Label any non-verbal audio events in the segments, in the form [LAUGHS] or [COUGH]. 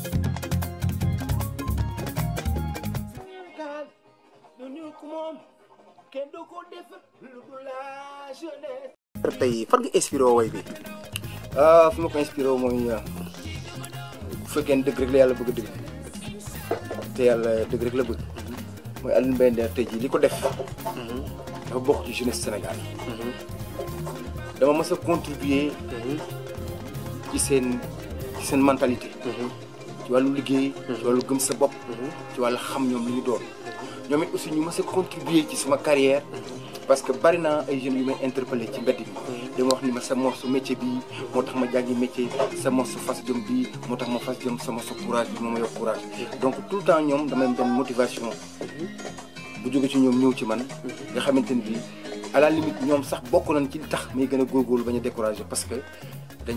Sénégal lu ñu ko moom way bi. ah fu ma ko inspiré mooy bu fekkee ne rek la yàlla bëgg a te yàlla dëgg rek la bëgg mooy Alioune Mbaye Nder tey jii def. ci jeunesse dama contribuer. ci mhm. ci mentalité. Mhm. ci wàllu liggéey mhm. ci sa bopp mhm. ci xam ñoom li ñu doon ñoom it aussi ñu contribuer ci sama carrière mhm. parce que bari ay yu je ci wax ni ma sa métier ma métier sa ma courage courage donc tout le temps ñoom dama benn motivation bu jóge ci ñoom ci man à la limite ñoom sax bokk nañ ci tax may parce que dañ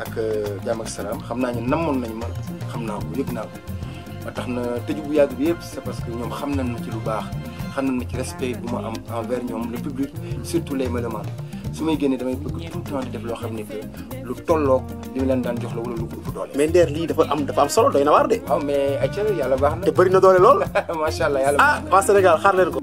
ak euh, jàmm ak salaam xam naa ñu namoon nañ ma xam na ko yëg naa ko ba tax na tëju bu yàgg bi yëpp c'est parce que ñoom xam nañ ma ci lu baax xam na ma ci respect bu ma am envers ñoom le public surtout les mélomanes su ma génnee damay bëgg tout le temps loo xam ne que lu tolloog li ma leen daan jox la wala lu ëpp doole. mais Nder lii dafa am dafa am solo doy na waar de. waaw mais ayca yàlla baax na. te bëri na doole lool. [LAUGHS] macha allah yàlla ah waa Sénégal xaar leen ko.